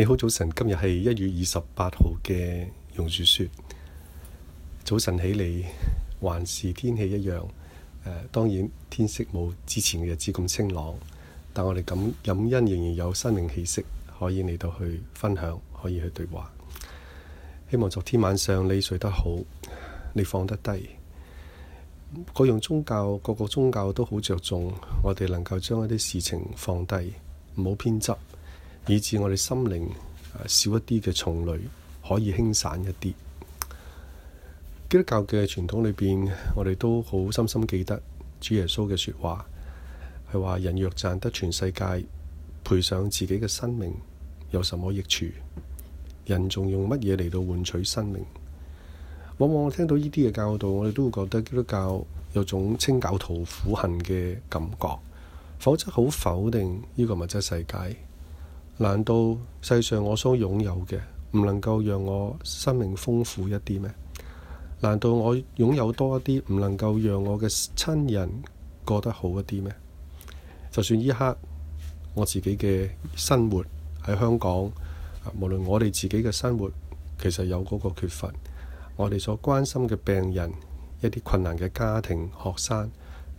你好，早晨，今日係一月二十八號嘅榕樹說。早晨起嚟，還是天氣一樣。誒、呃，當然天色冇之前嘅日子咁清朗，但我哋咁感恩仍然有生命氣息，可以嚟到去分享，可以去對話。希望昨天晚上你睡得好，你放得低。各樣宗教，各個宗教都好着重，我哋能夠將一啲事情放低，唔好偏執。以致我哋心靈少一啲嘅重累，可以輕散一啲。基督教嘅傳統裏邊，我哋都好深深記得主耶穌嘅説話，係話：人若賺得全世界，賠上自己嘅生命，有什麼益處？人仲用乜嘢嚟到換取生命？往往我聽到呢啲嘅教導，我哋都會覺得基督教有種清教徒苦恨嘅感覺，否則好否定呢個物質世界。難道世上我所擁有嘅唔能夠讓我生命豐富一啲咩？難道我擁有多一啲唔能夠讓我嘅親人過得好一啲咩？就算呢刻我自己嘅生活喺香港，無論我哋自己嘅生活其實有嗰個缺乏，我哋所關心嘅病人一啲困難嘅家庭學生，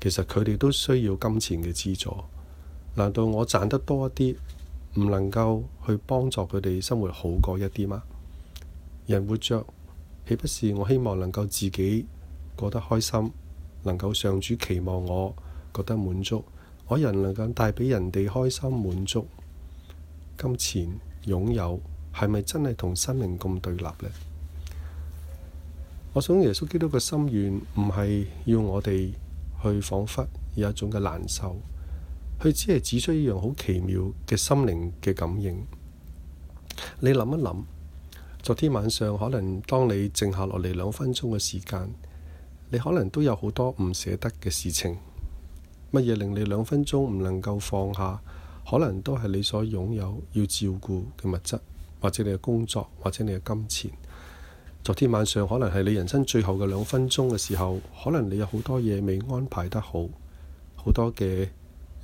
其實佢哋都需要金錢嘅資助。難道我賺得多一啲，唔能夠去幫助佢哋生活好過一啲嗎？人活着，豈不是我希望能夠自己過得開心，能夠上主期望我覺得滿足，我人能夠帶畀人哋開心滿足，金錢擁有係咪真係同生命咁對立呢？我想耶穌基督嘅心願唔係要我哋去仿佛有一種嘅難受。佢只係指出一樣好奇妙嘅心靈嘅感應。你諗一諗，昨天晚上可能當你靜下落嚟兩分鐘嘅時間，你可能都有好多唔捨得嘅事情。乜嘢令你兩分鐘唔能夠放下？可能都係你所擁有要照顧嘅物質，或者你嘅工作，或者你嘅金錢。昨天晚上可能係你人生最後嘅兩分鐘嘅時候，可能你有好多嘢未安排得好，好多嘅。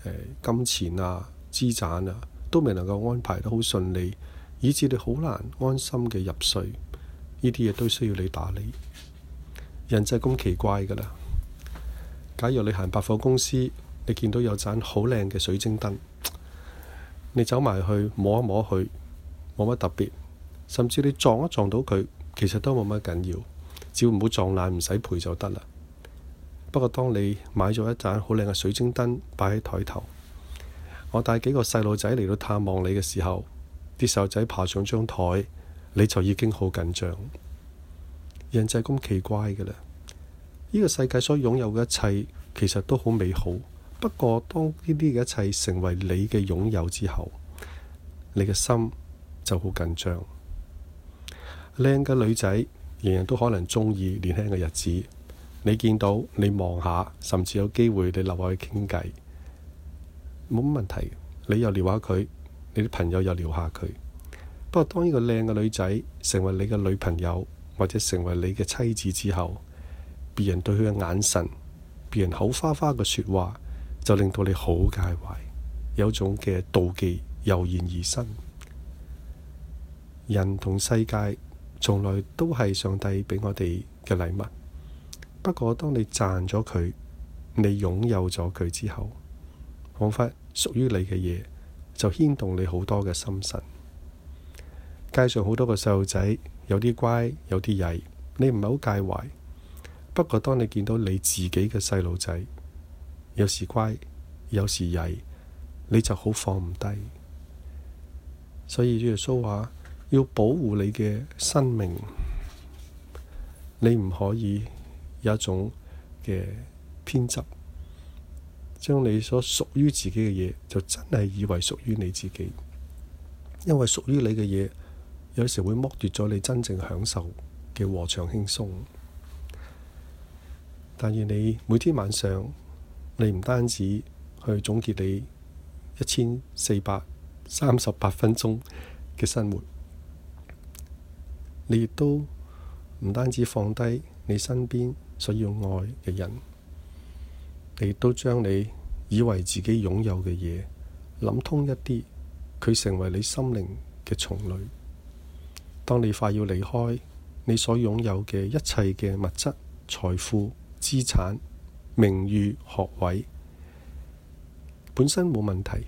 誒金錢啊、資產啊，都未能夠安排得好順利，以至你好難安心嘅入睡。呢啲嘢都需要你打理。人真係咁奇怪㗎啦！假如你行百貨公司，你見到有盞好靚嘅水晶燈，你走埋去摸一摸佢，冇乜特別，甚至你撞一撞到佢，其實都冇乜緊要，只要唔好撞爛，唔使賠就得啦。不過，當你買咗一盞好靚嘅水晶燈擺喺台頭，我帶幾個細路仔嚟到探望你嘅時候，啲細路仔爬上張台，你就已經好緊張。人就係咁奇怪嘅啦。呢個世界所擁有嘅一切，其實都好美好。不過，當呢啲嘅一切成為你嘅擁有之後，你嘅心就好緊張。靚嘅女仔，人人都可能中意年輕嘅日子。你見到你望下，甚至有機會你留落去傾偈，冇乜問題。你又撩下佢，你啲朋友又撩下佢。不過，當呢個靚嘅女仔成為你嘅女朋友，或者成為你嘅妻子之後，別人對佢嘅眼神，別人口花花嘅説話，就令到你好介懷，有種嘅妒忌油然而生。人同世界從來都係上帝俾我哋嘅禮物。不過當你賺咗佢，你擁有咗佢之後，仿佛屬於你嘅嘢就牽動你好多嘅心神。街上好多個細路仔，有啲乖，有啲曳，你唔係好介懷。不過當你見到你自己嘅細路仔，有時乖，有時曳，你就好放唔低。所以耶穌話要保護你嘅生命，你唔可以。有一種嘅偏執，將你所屬於自己嘅嘢，就真係以為屬於你自己。因為屬於你嘅嘢，有時會剝奪咗你真正享受嘅和暢輕鬆。但願你每天晚上，你唔單止去總結你一千四百三十八分鐘嘅生活，你亦都唔單止放低你身邊。所以要愛嘅人，你都將你以為自己擁有嘅嘢，諗通一啲，佢成為你心靈嘅重累。當你快要離開你所擁有嘅一切嘅物質、財富、資產、名譽、學位，本身冇問題，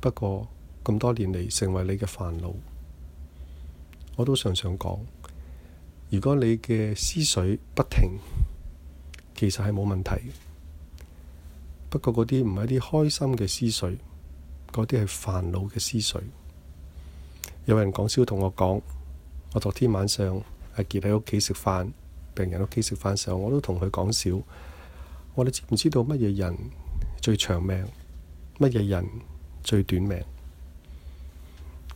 不過咁多年嚟成為你嘅煩惱，我都常常講。如果你嘅思緒不停，其實係冇問題。不過嗰啲唔係一啲開心嘅思緒，嗰啲係煩惱嘅思緒。有人講笑同我講，我昨天晚上阿杰喺屋企食飯，病人喺屋企食飯嘅時候，我都同佢講笑。我哋知唔知道乜嘢人最長命，乜嘢人最短命？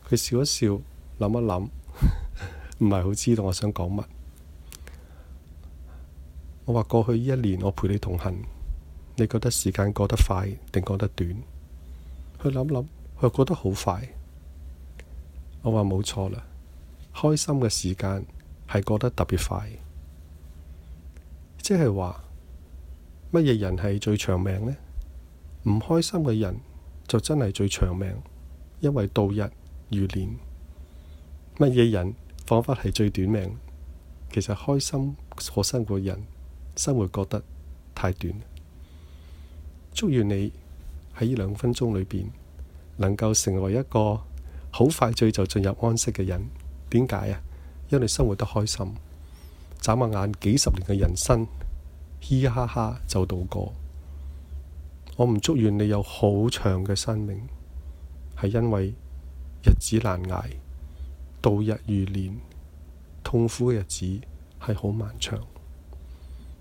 佢笑一笑，諗一諗。唔係好知道我想講乜。我話過去一年，我陪你同行。你覺得時間過得快定過得短？去諗諗，佢過得好快。我話冇錯啦，開心嘅時間係過得特別快。即係話乜嘢人係最長命呢？唔開心嘅人就真係最長命，因為度日如年。乜嘢人？仿佛係最短命，其實開心過生活人，生活覺得太短。祝願你喺呢兩分鐘裏邊，能夠成為一個好快脆就進入安息嘅人。點解啊？因為你生活得開心，眨下眼幾十年嘅人生，嘻嘻哈哈就度過。我唔祝願你有好長嘅生命，係因為日子難捱。度日如年，痛苦嘅日子係好漫長。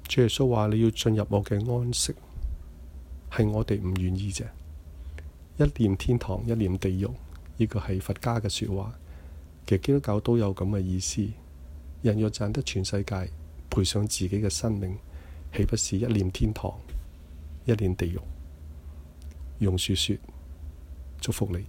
主耶穌話：你要進入我嘅安息，係我哋唔願意啫。一念天堂，一念地獄，呢個係佛家嘅說話，其實基督教都有咁嘅意思。人若賺得全世界，賠上自己嘅生命，豈不是一念天堂，一念地獄？用說說：祝福你。